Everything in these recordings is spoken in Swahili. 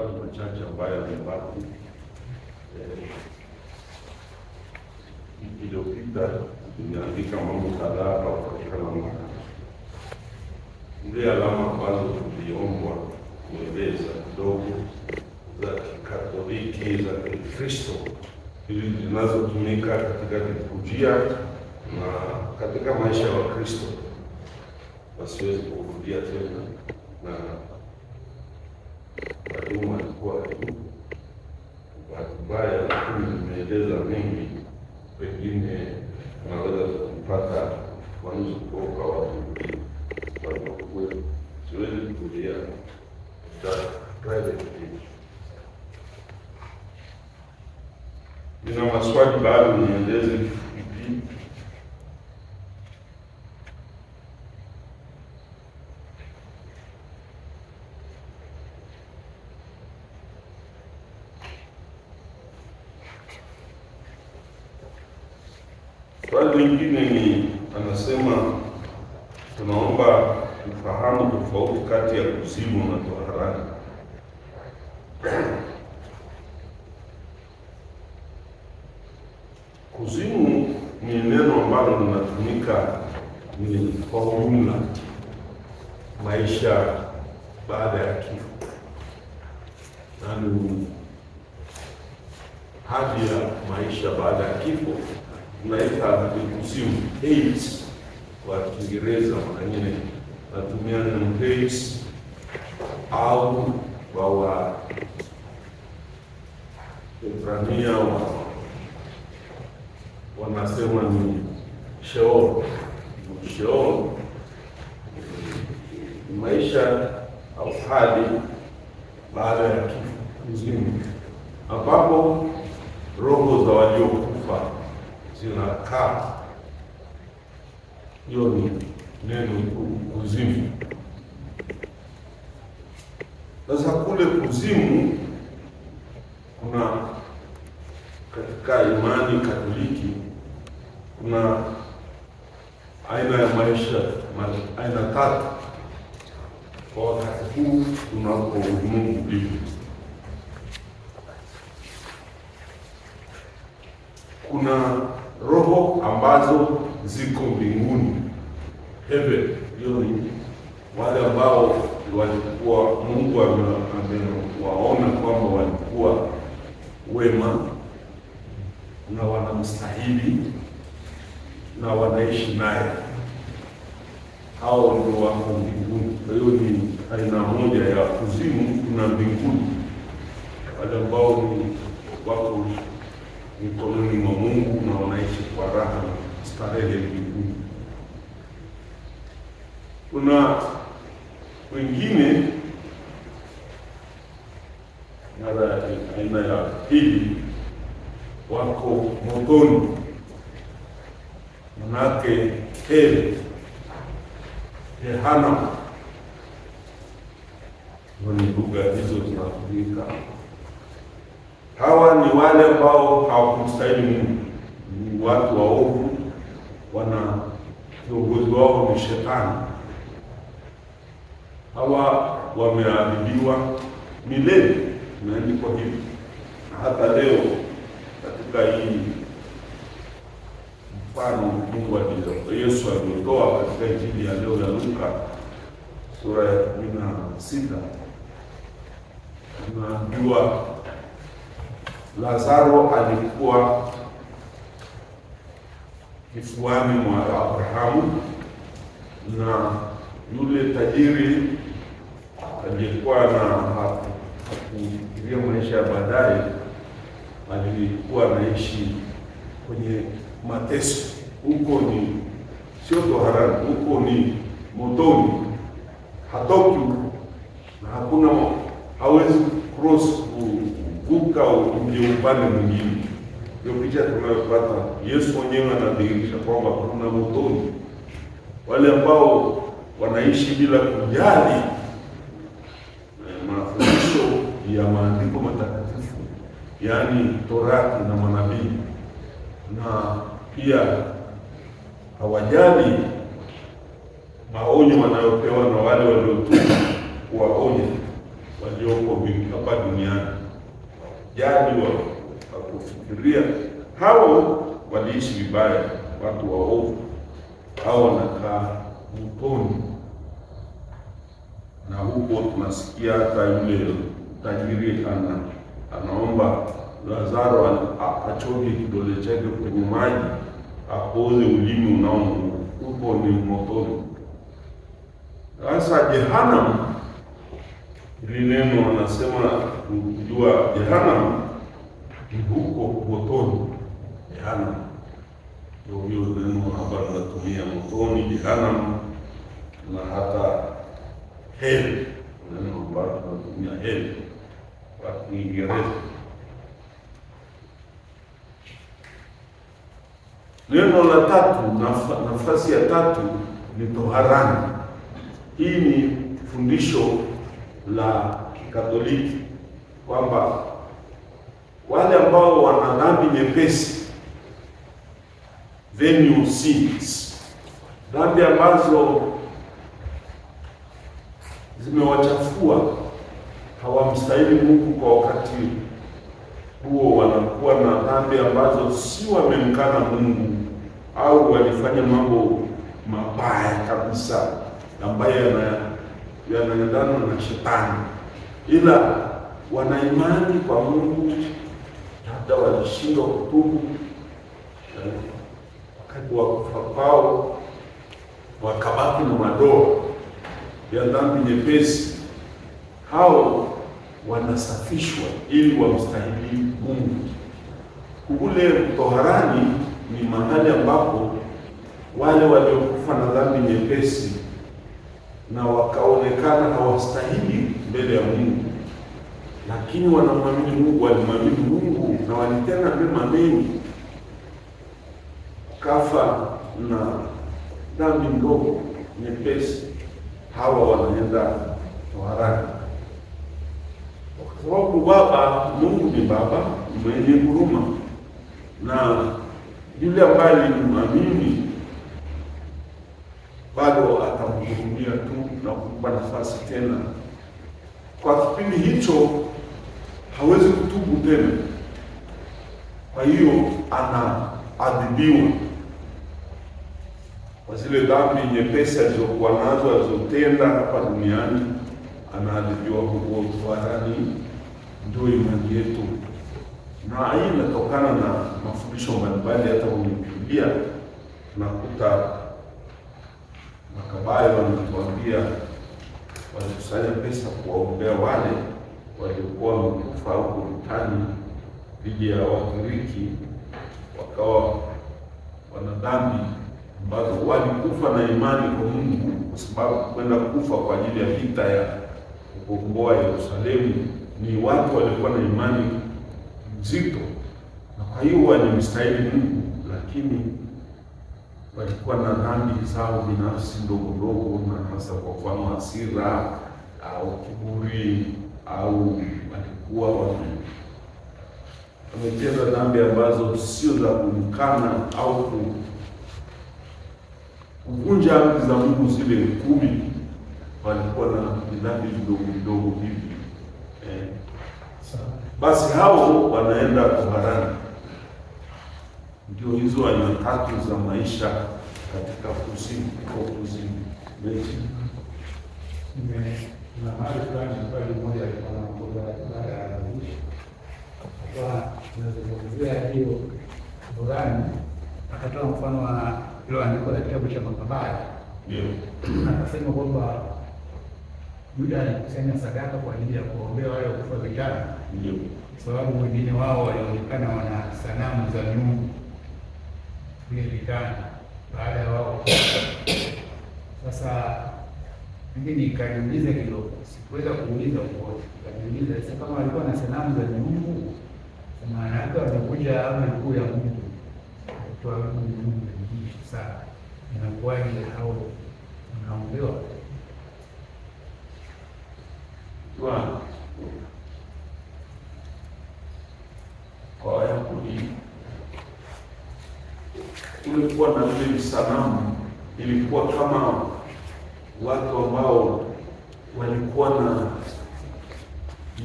kwa ni machache ambayo yamebaki. Eh, iliyopita imeandika mambo kadhaa hapa katika mamlaka ndio alama ambazo tuliombwa kueleza kidogo za Kikatoliki za Kikristo hizi zinazotumika katika liturujia na katika maisha ya Wakristo wasiwezi kurudia tena na walimu walikuwa bahati mbaya zimeeleza mengi, pengine tunaweza kupata manuzi kutoka watu waliokuwepo. Siwezi kulia nina maswali bado nieleze kifupi Swali lingine ni anasema, tunaomba kufahamu tofauti kati ya kuzimu na toharani. Kuzimu ni neno ambalo linatumika ni kwa ujumla maisha baada ya AIDS kwa Kiingereza mwenyewe natumia neno AIDS au kwa Waebrania wanasema ni Sheol. Mungu amewaona kwamba walikuwa wema na wanamstahili na wanaishi naye, hao ndio wako mbinguni. Kwa hiyo ni aina moja ya kuzimu, kuna mbinguni wale ambao ni wako mikononi mwa Mungu na wanaishi kwa raha na starehe mbinguni. Kuna wengine mara aina ya pili wako motoni, manake ele Jehana ni lugha hizo zinatumika. Hawa ni wale ambao hawakumstahili Mungu, ni watu waovu, wana kiongozi wao ni Shetani. Hawa wameadhibiwa milele imeandikwa hivi, na hata leo katika hii mfano Mungu Yesu aliotoa katika injili ya leo ya Luka sura ya kumi na sita tunajua Lazaro alikuwa kifuani mwa Abrahamu na yule tajiri aliyekuwa na hapo kufikiria maisha ya baadaye, alikuwa anaishi kwenye mateso huko, ni sio toharani, huko ni motoni, hatoki na hakuna hawezi cross kuvuka uje upande mwingine. Hiyo picha tunayopata Yesu mwenyewe anadhihirisha kwamba kuna motoni wale ambao wanaishi bila kujali ya maandiko matakatifu, yaani Torati na manabii, na pia hawajali maonyo wanayopewa na wale waliotumwa kuwaonya walioko hapa duniani, jali wa kufikiria hao waliishi vibaya, watu waovu hao wanakaa mtoni, na huko tunasikia hata yule tajiri ana anaomba Lazaro achoge kidole chake kwenye maji apoze ulimi unaomu huko ni motoni. Sasa jehanam ili neno anasema kujua jehanam ni huko motoni. Jehanam ndio neno hapa natumia, motoni, jehanam na hata hel neno ambalo tunatumia hel kwa Kiingereza. Neno la tatu, naf nafasi ya tatu ni toharani. Hii ni fundisho la Kikatoliki kwamba wale ambao wana dhambi nyepesi, venial sins, dhambi ambazo zimewachafua hawamstahili Mungu kwa wakati huo, wanakuwa na dhambi ambazo si wamemkana Mungu au walifanya mambo mabaya kabisa ambayo yanaendana na shetani, ila wanaimani kwa Mungu, labda walishindwa kutubu wakati wa kufa kwao, wakabaki na madoa ya dhambi nyepesi hao wanasafishwa ili wamstahili Mungu. Kule toharani ni mahali ambapo wale waliokufa na dhambi nyepesi na wakaonekana hawastahili mbele ya Mungu, lakini wanamwamini Mungu, walimwamini Mungu na walitenda mema mengi, kafa na dhambi ndogo nyepesi, hawa wanaenda toharani kwa sababu Baba Mungu ni Baba mwenye huruma, na yule ambaye alimwamini bado atamhurumia tu na kumpa nafasi tena. Kwa kipindi hicho hawezi kutubu tena, kwa hiyo anaadhibiwa kwa zile dhambi nyepesi alizokuwa nazo alizotenda hapa duniani, anaadhibiwa kwa kutoharani ndio imani yetu, na hii inatokana na mafundisho mbalimbali. Hata kwenye Biblia nakuta makabayo wanatuambia walikusanya pesa kuwaombea wale waliokuwa wamekufa huko vitani dhidi ya Wagiriki, wakawa wana dhambi ambazo walikufa na imani kwa Mungu, kwa sababu kwenda kufa kwa ajili ya vita ya kukomboa Yerusalemu ni watu walikuwa na imani nzito, na kwa hiyo walimstahili Mungu, lakini walikuwa na dhambi zao binafsi ndogo ndogo, na hasa kwa mfano hasira au kiburi, au walikuwa wame wametenda dhambi ambazo sio za kumkana au kuvunja amri za Mungu zile kumi. Walikuwa na dhambi ndogo ndogo hivi basi hao wanaenda kuharani. Ndio hizo aina tatu za maisha katika kuzini, kwa kuzini na mahali fulani ambayo mmoja alikuwa na mboga baada ya kuishi kwa nazungumzia hiyo burani, akatoa mfano wa ilo andiko la kitabu cha Mapambano, akasema kwamba Yuda alikusanya sadaka kwa ajili ya kuombea wale wakufa vitani ndio sababu wengine wao walionekana wana sanamu za miungu kule vitani baada ya wao. Sasa mimi nikajiuliza kidogo, sikuweza kuuliza kuote nikajiuliza sasa, kama walikuwa na sanamu za miungu, maana yake wamekuja ama kuu ya Mungu kutoa miungu mingine. Sasa inakuwaje hao wanaombewa? kwa Wayahudi kulikuwa na vile visanamu, ilikuwa kama watu ambao walikuwa na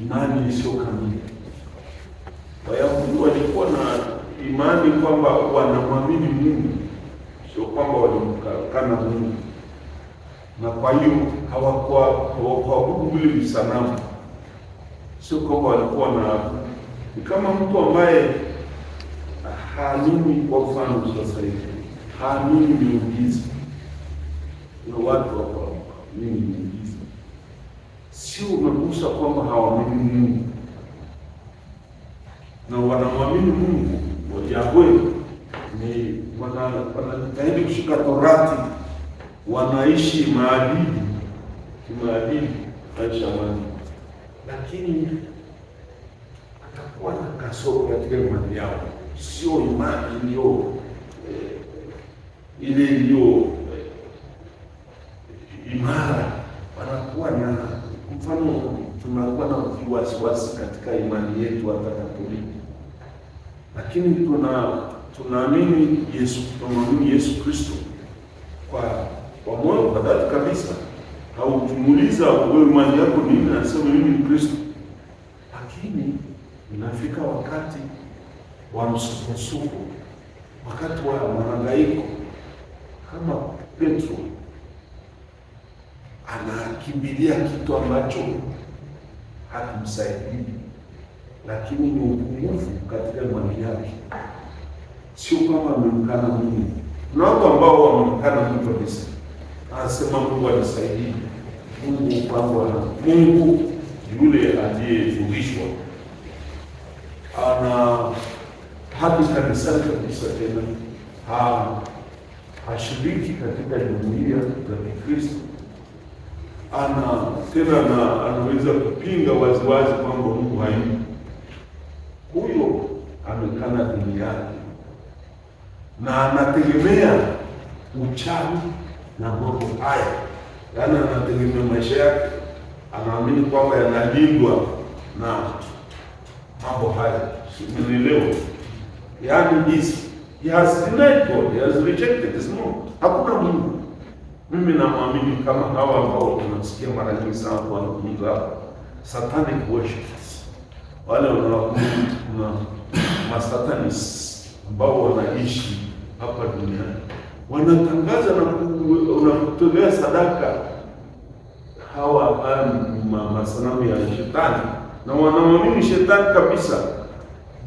imani kamili. Wayahudi walikuwa na imani kwamba wanamwamini Mungu, sio kwamba walimkana Mungu, na kwa hiyo hawakuabudu vile visanamu, sio kwamba walikuwa na ni kama mtu ambaye haamini, kwa mfano sasa hivi haamini miujiza. na watu wako mimi miujiza, sio unagusa kwamba hawaamini Mungu na wanamwamini Mungu moja ni wanajitahidi kushika torati, wanaishi maadili kimaadili, maisha mani lakini wana kasoro katika imani yao, sio imani iliyo eh, ile iliyo eh, imara. Wanakuwa na mfano, tunakuwa na viwasiwasi katika imani yetu hata Katoliki, lakini tuna tunaamini Yesu, tunaamini Yesu Kristo kwa kwa moyo wa dhati kabisa. Haujumuliza wewe imani yako nini, anasema mimi ni Kristo Inafika wakati wa msukosuko, wakati wa mahangaiko, kama Petro anakimbilia kitu ambacho hakimsaidii, lakini ni upungufu katika imani yake. Sio kama amemkana Mungu. Kuna watu ambao wamemkana Mungu kabisa, anasema Mungu anisaidii, Mungu na Mungu yule aliyefundishwa ana hadi kanisani kabisa tena ha hashiriki katika jumuiya za Kikristo, ana tena na anaweza kupinga waziwazi kwamba Mungu hayupo. Huyo amekana dini yake na anategemea uchawi na mambo haya, yaani anategemea maisha yake, anaamini kwamba yanalindwa na mambo haya sikuelewa. Yani this he has denied God, he has rejected this no, Hakuna Mungu. Mimi namwamini kama hawa ambao tunasikia mara nyingi sana kwa wanafunza hapa, satanic worshipers, wale wanaokuwa ma masatanis ambao wanaishi hapa duniani wanatangaza na kutolea sadaka hawa ah, masanamu ya shetani na wanamwamini shetani kabisa.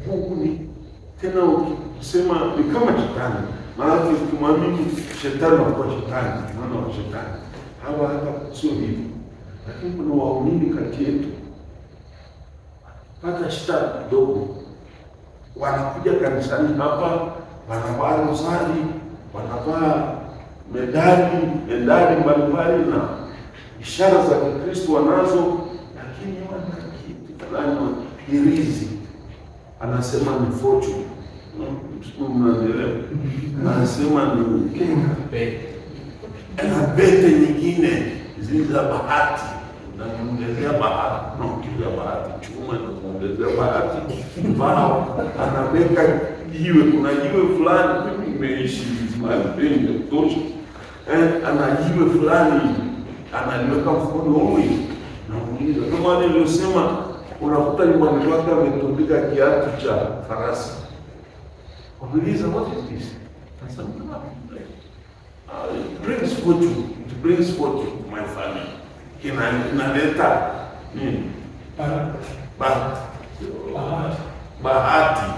Mungu ni tena, ukisema ni kama shetani, maana ukimwamini shetani anakuwa shetani, maana wa shetani hawa hata sio hivyo. Lakini kuna waumini kati yetu pata shida kidogo, wanakuja kanisani hapa, wanavaa rosari, wanavaa medali medali mbalimbali na ishara za Kikristo wanazo fulani hirizi anasema ni fortune, mnaelewa? Anasema ni na pete nyingine zile za bahati, na kuongezea bahati, na kila bahati chuma na kuongezea bahati mbao, anaweka jiwe, kuna jiwe fulani mimi nimeishi mahali ya kutosha, eh, ana jiwe fulani analiweka mfukoni huyu, na muuliza kama nilivyosema unakuta nyumbani kwake ametundika kiatu cha farasi. Unajiuliza, what is this? Uh, it brings fortune. It brings fortune to my family. Ina inaleta nini? Hmm, bahati. Bahati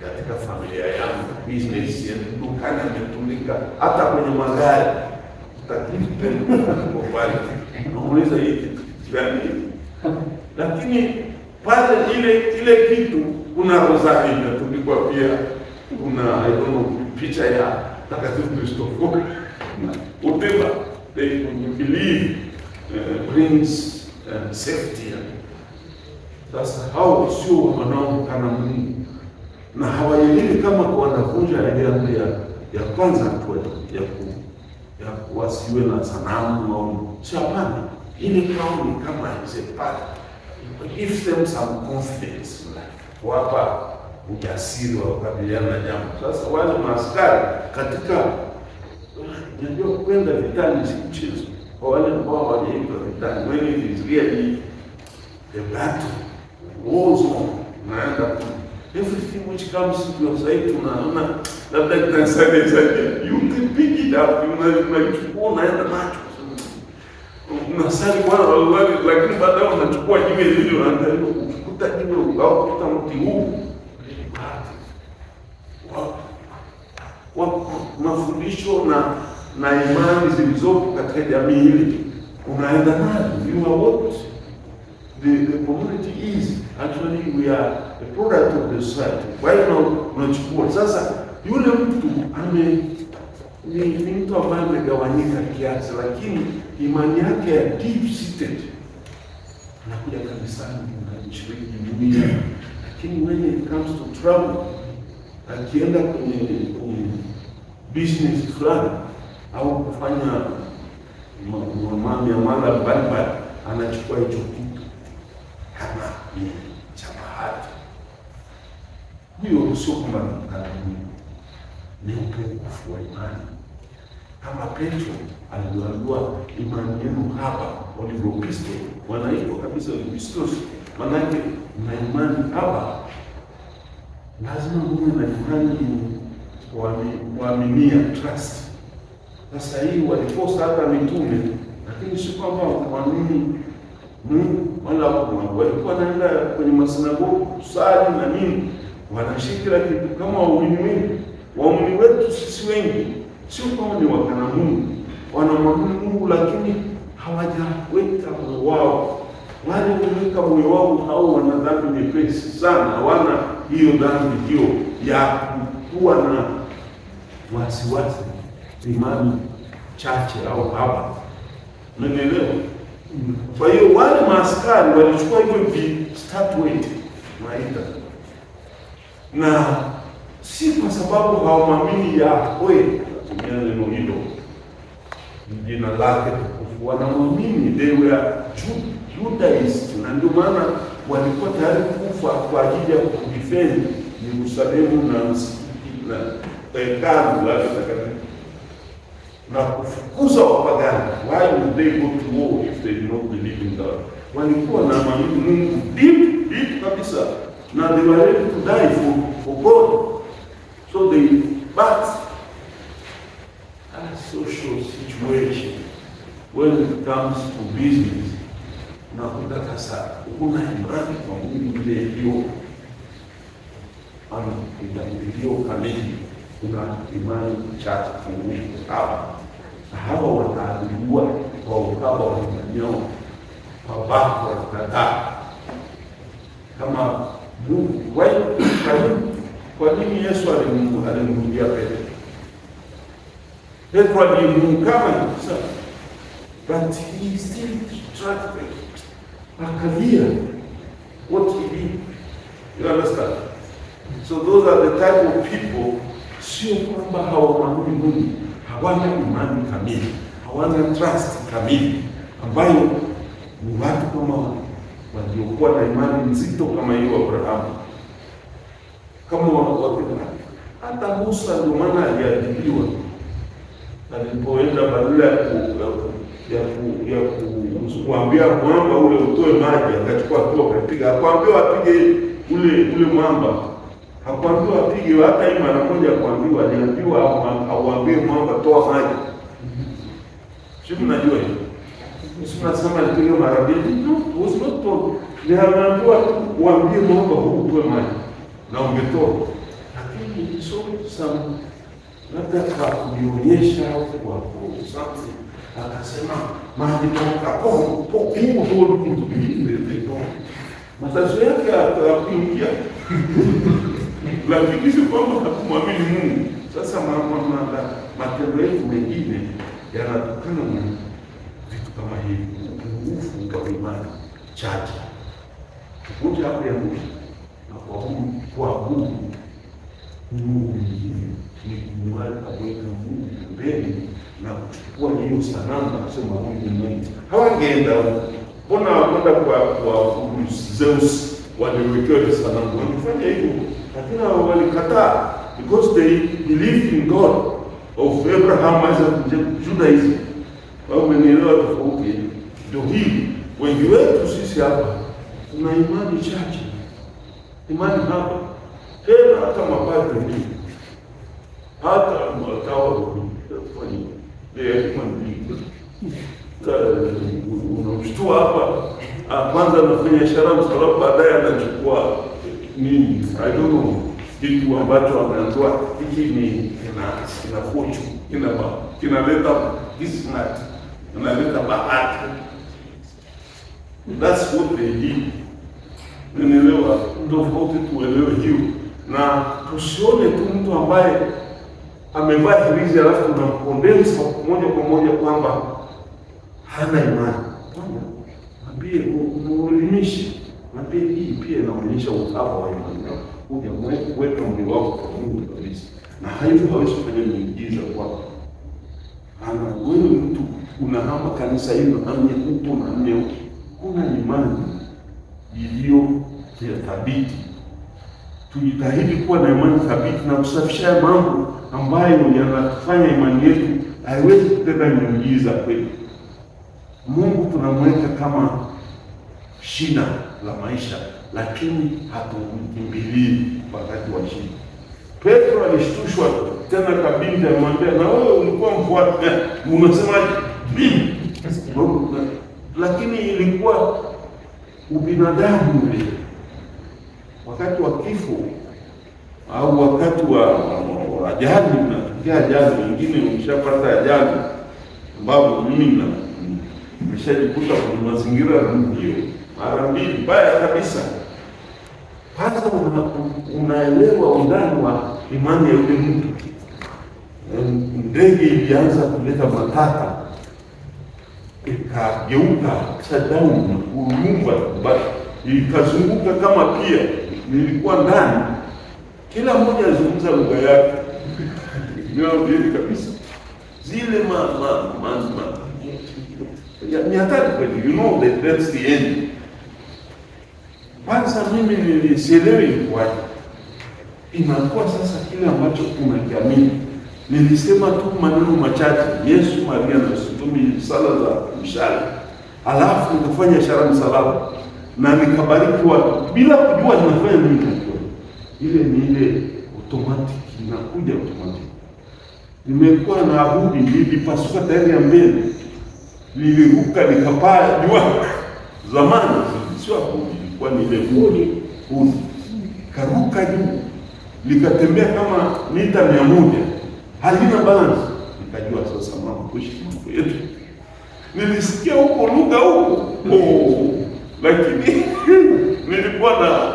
katika familia yangu, business yetu, dukani ametundika, hata kwenye magari takipe kwa bali. Unauliza hivi, Lakini pale ile ile kitu kuna rozari inatundikwa pia, kuna I don't know picha ya takatifu Cristoforo whatever they believe uh, brings uh, safety. Sasa hao sio wanaomkana Mungu na hawaelewi kama wanavunja ile amri ya ya kwanza tu ya ku, ya kuwasiwe na sanamu au hapana. Ile kauli kama haisepati gives them some confidence kuwapa ujasiri wa kukabiliana na jambo. Sasa wale maaskari katika najua kwenda vitani si mchezo, kwa wale ambao hawajaitwa vitani, when it is really the battle war zone, unaenda everything which comes to your side, unaona labda kitansaidia you can pick it up, unaichukua unaenda nacho unasali Bwana wao lakini baadaye unachukua jiwe hili unaangalia ukikuta jiwe au ukuta mti huu kwa mafundisho na na imani zilizopo katika jamii hili unaenda nayo. You are what the, the community is actually we are a product of the society. Kwa hiyo unachukua sasa, yule mtu ame ni, ni mtu ambaye amegawanyika kiasi, lakini imani yake ya deep seated. Anakuja kanisani anashiriki jumuiya, lakini when it comes to travel, akienda kwenye business fulani au kufanya mamia miamala mbalimbali, anachukua hicho kitu kama ni cha bahati. Huyo sio kwamba namkana ni upungufu wa imani kama Petro aliambiwa imani yenu hapa Olivokristo, wanaitwa kabisa Olivokristos, manake na imani hapa, lazima mume na imani kuaminia, trust. Sasa hii walikosa hata mitume, lakini si kwamba wakuamini Mungu wala walikuwa wanaenda kwenye masinagogi kusali na nini, wanashikila kitu kama waumini wengi, waumini wetu sisi wengi sio kwao ni wakana Mungu, wanamwamini Mungu lakini hawajaweka moyo wao, wale weka moyo wao hao wana dhambi nyepesi sana, hawana hiyo dhambi hiyo ya kuwa na wasiwasi imani chache au hapa nanelewa. Kwa hiyo wale maaskari walichukua hivyo vistatueti maida na si kwa sababu hawamwamini ya kweli kulitumia neno hilo jina lake tukufu. Wanamwamini they were Judaist, na ndio maana walikuwa tayari kufa kwa ajili ya kudifendi Yerusalemu na msikiti na eh, hekalu lake takatifu na kufukuza wapagani. Why would they go to war if they do not believe in God? Walikuwa na maamini Mungu deep deep kabisa, na they were ready to die for, for God so they but social situation when it comes to business, unakuta sasa kuna imani kwa Mungu ile hiyo ana iliyo kamili, kuna imani chache kwa Mungu hapa hawa wataadhibiwa kwa ukaba wa manyao pabako wakataa kama Mungu. Kwa nini Yesu alimrudia Petro? you alimkama na kusali, but he still A career. What he did, you understand? So those are the type of people, sio kwamba hawamwamini Mungu, hawana imani kamili, hawana trust kamili, ambayo ni watu kama waliokuwa na imani nzito kama hiyo Abrahamu, kama wakina hata Musa, ndio maana aliadhibiwa alipoenda badala ya ya kuambia mwamba ule utoe maji, akachukua tu akapiga. Hakuambiwa apige ule ule mwamba, hakuambiwa apige hata hii mara moja, kuambiwa aliambiwa auambie mwamba, toa maji. Si mnajua hiyo? Sisi tunasema alipiga mara mbili tu, usitoto ni anaambiwa tu uambie mwamba huu utoe maji na ungetoa, lakini so some labda kakujionyesha wakuusa akasema maandikakapopokimutodutuiieo matatizo yake atakuingia, lakini si kwamba hakumwamini Mungu. Sasa matendo yetu mengine yanatokana na vitu kama hivi, upungufu wa imani chache. tukuja hapo ya mwisho na kuabudu Mungu mwingine ni kumweka weka Mungu pembeni na kuchukua hiyo sanamu na kusema huyu Mungu. Hawangeenda mbona wakwenda kwa kwa Zeus waliwekewa ile sanamu, walifanya hivyo, lakini walikataa because they believe in God of Abraham, Isaac, Judaism. Wao wamenielewa tofauti. Ndio hii wengi wetu sisi hapa tuna imani chache, imani hapa tena hata mapadri mbili, hata matawa Unamshtua hapa, ah, kwanza anafanya ishara baadaye anachukua nini, ajuno kitu ambacho ameambiwa hiki ni kina kinaleta kismat, kinaleta bahati. That's what they did. Tofauti tuelewe hiyo na tusione tu mtu ambaye amevaa hirizi alafu tunamkondensa moja kwa moja kwamba hana imani. Mwambie, muelimishe, mwambie hii pia inaonyesha uhaba wa imani. yako, huja Ujaweka mwili wako kwa Mungu kabisa, na hivyo hawezi kufanya miujiza kwako. Ana wewe mtu unahama kanisa hilo namye huko namye huko, kuna imani iliyo thabiti tujitahidi kuwa na imani thabiti na kusafisha mambo ambayo yanafanya imani yetu haiwezi kubeba miujiza kweli. Mungu tunamweka kama shina la maisha, lakini hatumkimbilii wakati wa shina Petro alishtushwa tena kabindi amwambia na wewe ulikuwa mfuata, umesemaje mimi? Lakini ilikuwa ubinadamu ule wakati wa kifo au wakati wa ajali, mnatokea ajali, wengine umeshapata ajali ambapo mimi nimeshajikuta kwenye mazingira hiyo mara mbili mbaya kabisa. Hata unaelewa undani wa imani ya yule mtu. Ndege ilianza kuleta matata, ikageuka upside down, kuyumba, ikazunguka kama pia nilikuwa ndani, kila mmoja azungumza lugha yake niwaambieni kabisa, zile ma ma ma ma ni hatari kweli, you know that that's the end. Kwanza mimi nilisielewi ilikuwaje, inakuwa sasa kile ambacho unakiamini. Nilisema tu maneno machache, Yesu, Maria na Sutumi, sala za mshale, halafu nikafanya ishara msalaba na watu bila kujua ninafanya nini katika ile, ni ile automatic inakuja automatic. Nimekuwa na abudi, nilipasuka tayari ya mbele, niliruka nikapaa jua. Zamani sio abudi, ilikuwa ni ile hudi hudi, karuka juu likatembea kama mita mia moja halina balance, nikajua sasa mambo mambo yetu. Nilisikia huko lugha huko oh lakini nilikuwa na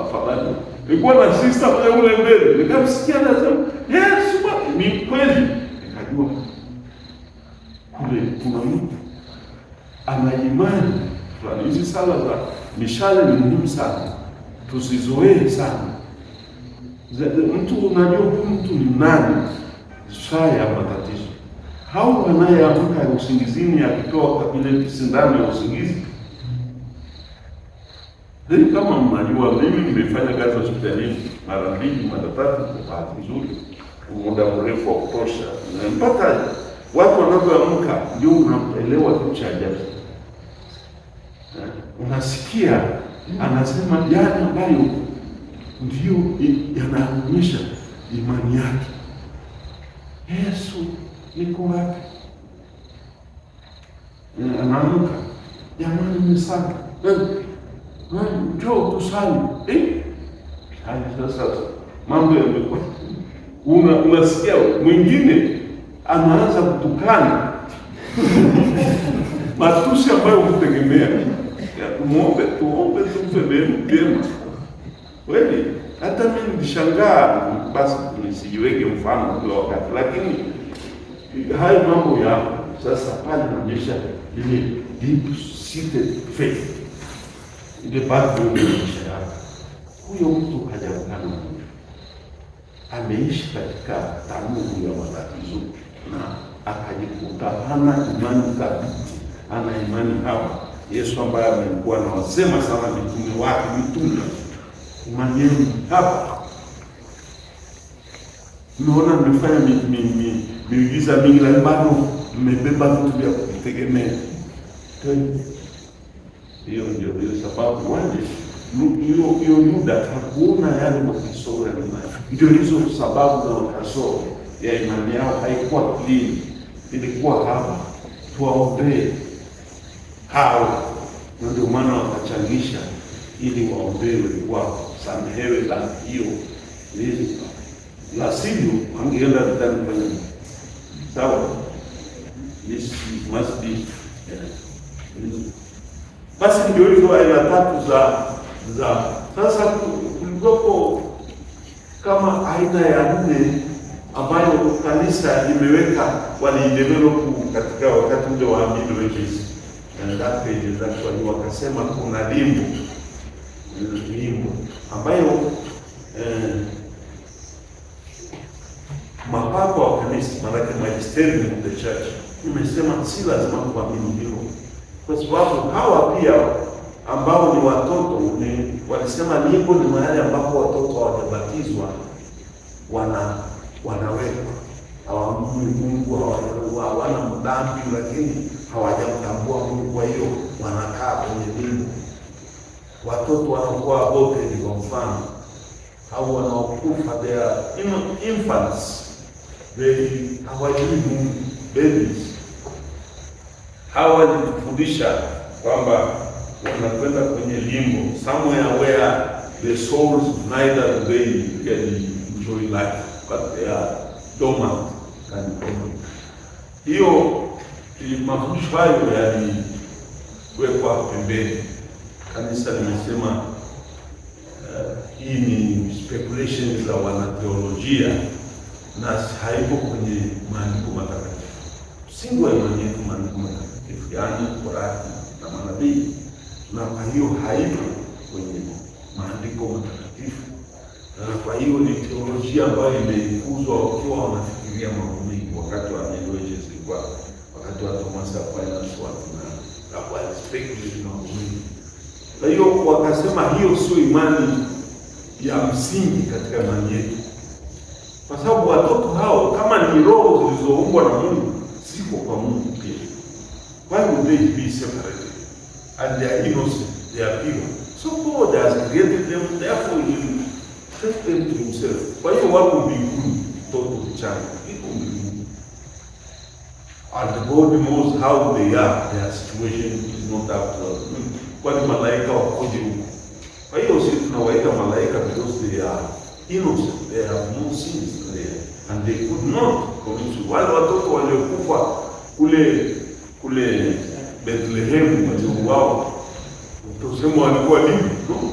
afadhali, nilikuwa na sista pale ule mbele, nikamsikia anasema Yesu ni kweli, nikajua kule kuna mtu ana imani fulani. Hizi sala za mishale ni muhimu sana, tuzizoee sana. Mtu unajua huyu mtu ni nani, saa ya matatizo hao wanayeamka usingizini, akitoa kabila sindano ya usingizi hii kama mnajua, mimi nimefanya kazi hospitalini mara mbili mara tatu, kwa bahati nzuri, muda mrefu wa kutosha. mpaka watu wanavyoamka, ndio unaelewa kitu cha ajabu. Unasikia anasema jana, ambayo ndio yanaonyesha imani yake. Yesu niko wapi? Anaamka, jamani, nimesaka njoo tusali eh, sasa mambo yamekuwa una unasikia mwingine anaanza kutukana matusi ambayo kutegemea tumuombe tuombe tumpe vyema kweli. Hata mimi nilishangaa, basi nisijiweke mfano kila wakati, lakini hayo mambo yao sasa pale inaonyesha ile deep seated faith ndio bado maisha yake. Huyo mtu hajaungana ameishi katika tanuhu ya matatizo na akajikuta hana imani thabiti, hana imani hapa Yesu ambaye amekuwa anawasema sana mitume wake, mitume imani yenu hapa Mmeona mmefanya miujiza mingi, lakini bado mmebeba vitu vya kujitegemea. Hiyo ndio hiyo sababu wale hiyo Yuda hakuona yale makasoro ya imani. Ndio hizo sababu za makasoro ya imani yao, haikuwa clean, ilikuwa hapa tuwaombee hao, na ndio maana wakachangisha ili waombewe wasamehewe, la hiyo la sivyo wangeenda vitani kwenye sawa. This must be yeah. Basi ndio hizo aina tatu za za. Sasa kulikuwa kama aina ya nne ambayo kanisa limeweka waliidevelop katika wakati ule wa Middle Ages ndapejezakali wakasema kuna limbo limbo ambayo eh, mapapa wa kanisa, maanake magisterium of the church imesema si lazima kuamini hilo kwa sababu hawa pia ambao ni watoto ni walisema nipo ni mahali ambapo watoto hawajabatizwa wana wanawekwa hawamjui Mungu, hawana mdambi lakini hawajamtambua Mungu. Kwa hiyo wanakaa kwenye dini. Watoto wanakuwa ni kwa mfano, au wanaokufa, they are infants, they hawajui Mungu, babies au walikufundisha kwamba wanakwenda kwenye limbo somewhere where the souls neither they can enjoy life but they are dormant can come. Hiyo mafundisho hayo yaliwekwa pembeni. Kanisa limesema uh, hii ni speculation za wanatheolojia na haiko kwenye maandiko matakatifu, msingi wa maandiko matakatifu Yohana, Torati na manabii, na kwa hiyo haipo kwenye maandiko matakatifu, na kwa hiyo ni teolojia ambayo imeikuzwa wakiwa wanafikiria mambo mengi, wakati wa Zilikuwa wakati wa Thomas Aquinas na mambo mengi. Kwa hiyo wakasema hiyo sio imani ya msingi katika imani yetu, kwa sababu watoto hao kama ni roho zilizoumbwa na Mungu, ziko kwa Mungu pia Why would they be separated? And they are innocent, they are pure. So God has created them, therefore He will take them to Himself. But you what will be good taught to the child? It will be good. And God knows how they are, their situation is not that hmm. well. Kwani malaika wakoje huko? Kwa hiyo si tunawaita malaika because they are innocent, they have no sins there and they could not commit. Wale kule Bethlehemu waliouawa, utasema walikuwa nini? no?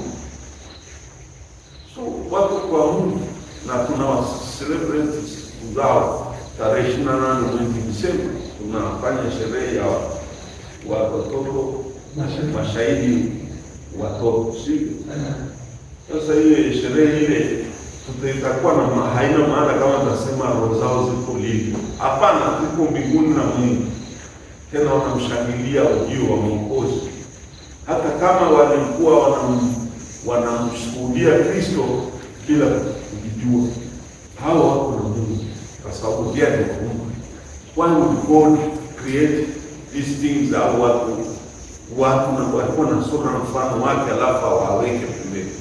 So watu kwa Mungu na tuna celebrate siku zao tarehe ishirini na nane mwezi Desemba tunafanya sherehe ya watoto mashahidi watoto, sivyo? Sasa hiyo sherehe ile tutakuwa na haina maana kama tunasema roho zao ziko lini. Hapana, tuko mbinguni na Mungu tena wanamshangilia ujio wa Mwokozi, hata kama walikuwa wanamshuhudia wana Kristo bila kujijua. Hawa wako na Mungu kwa sababu dia ni Mungu. Why would God create these things au watu watu na walikuwa nasoma mfano wake alafu awaweke pembeni?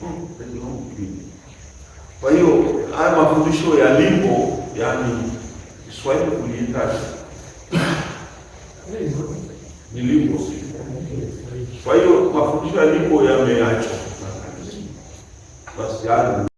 Hmm, kwa hiyo haya mafundisho yalipo yani Kiswahili kuliita Nilimbo. Kwa hiyo mafundisho yalipo yameachwa basi